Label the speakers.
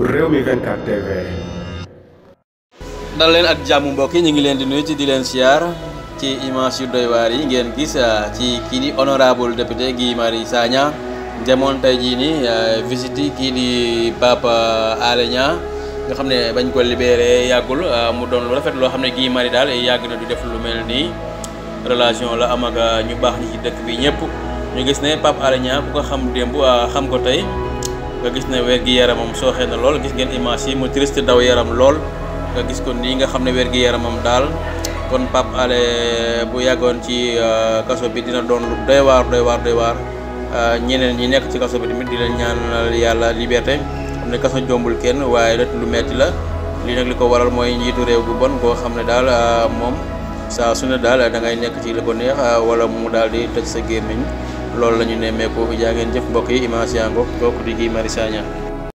Speaker 1: Rewmi 24 kan
Speaker 2: TV dal leen ak jàmm mbokk yi ngi di nuyu ci di leen siyaar ci image yu doy yi ngeen gis ci di honorable député Guy Marius Sagna demoon tey jii ni visite di Papa Alé nga xam bañ ko libéré yàggul mu doon lu rafet loo xam ne Guy Marius daal na du def lu mel relation la am ak ñu baax ah, ñi ci dëkk bi ñëpp ñu gis ne ko xam xam ko nga gis ne wér gi yaramam sooxee na lool gis ngeen image yi mu triste daw yaram lool nga gis ko nii nga xam ne wér gi yaramam daal kon pap ale bu yàggoon ci euh, kaso bi dina doon lu doy waar doy waar doy waar euh, ñeneen ñi nekk ci kaso bi tamit di leen ñaanal yàlla liberté xam ne kaso jombul kenn waaye rek lu metti la li nag li ko waral mooy njiitu réew gu bon koo xam ne daal euh, moom saa su ne daal da ngay nekk ci li ko neex wala mu daal di tëj sa gémmiñ loolu la ñu nemmeeku jaa ngeen jëf mbokk yi image yaa ngoog kooku di Guy Marius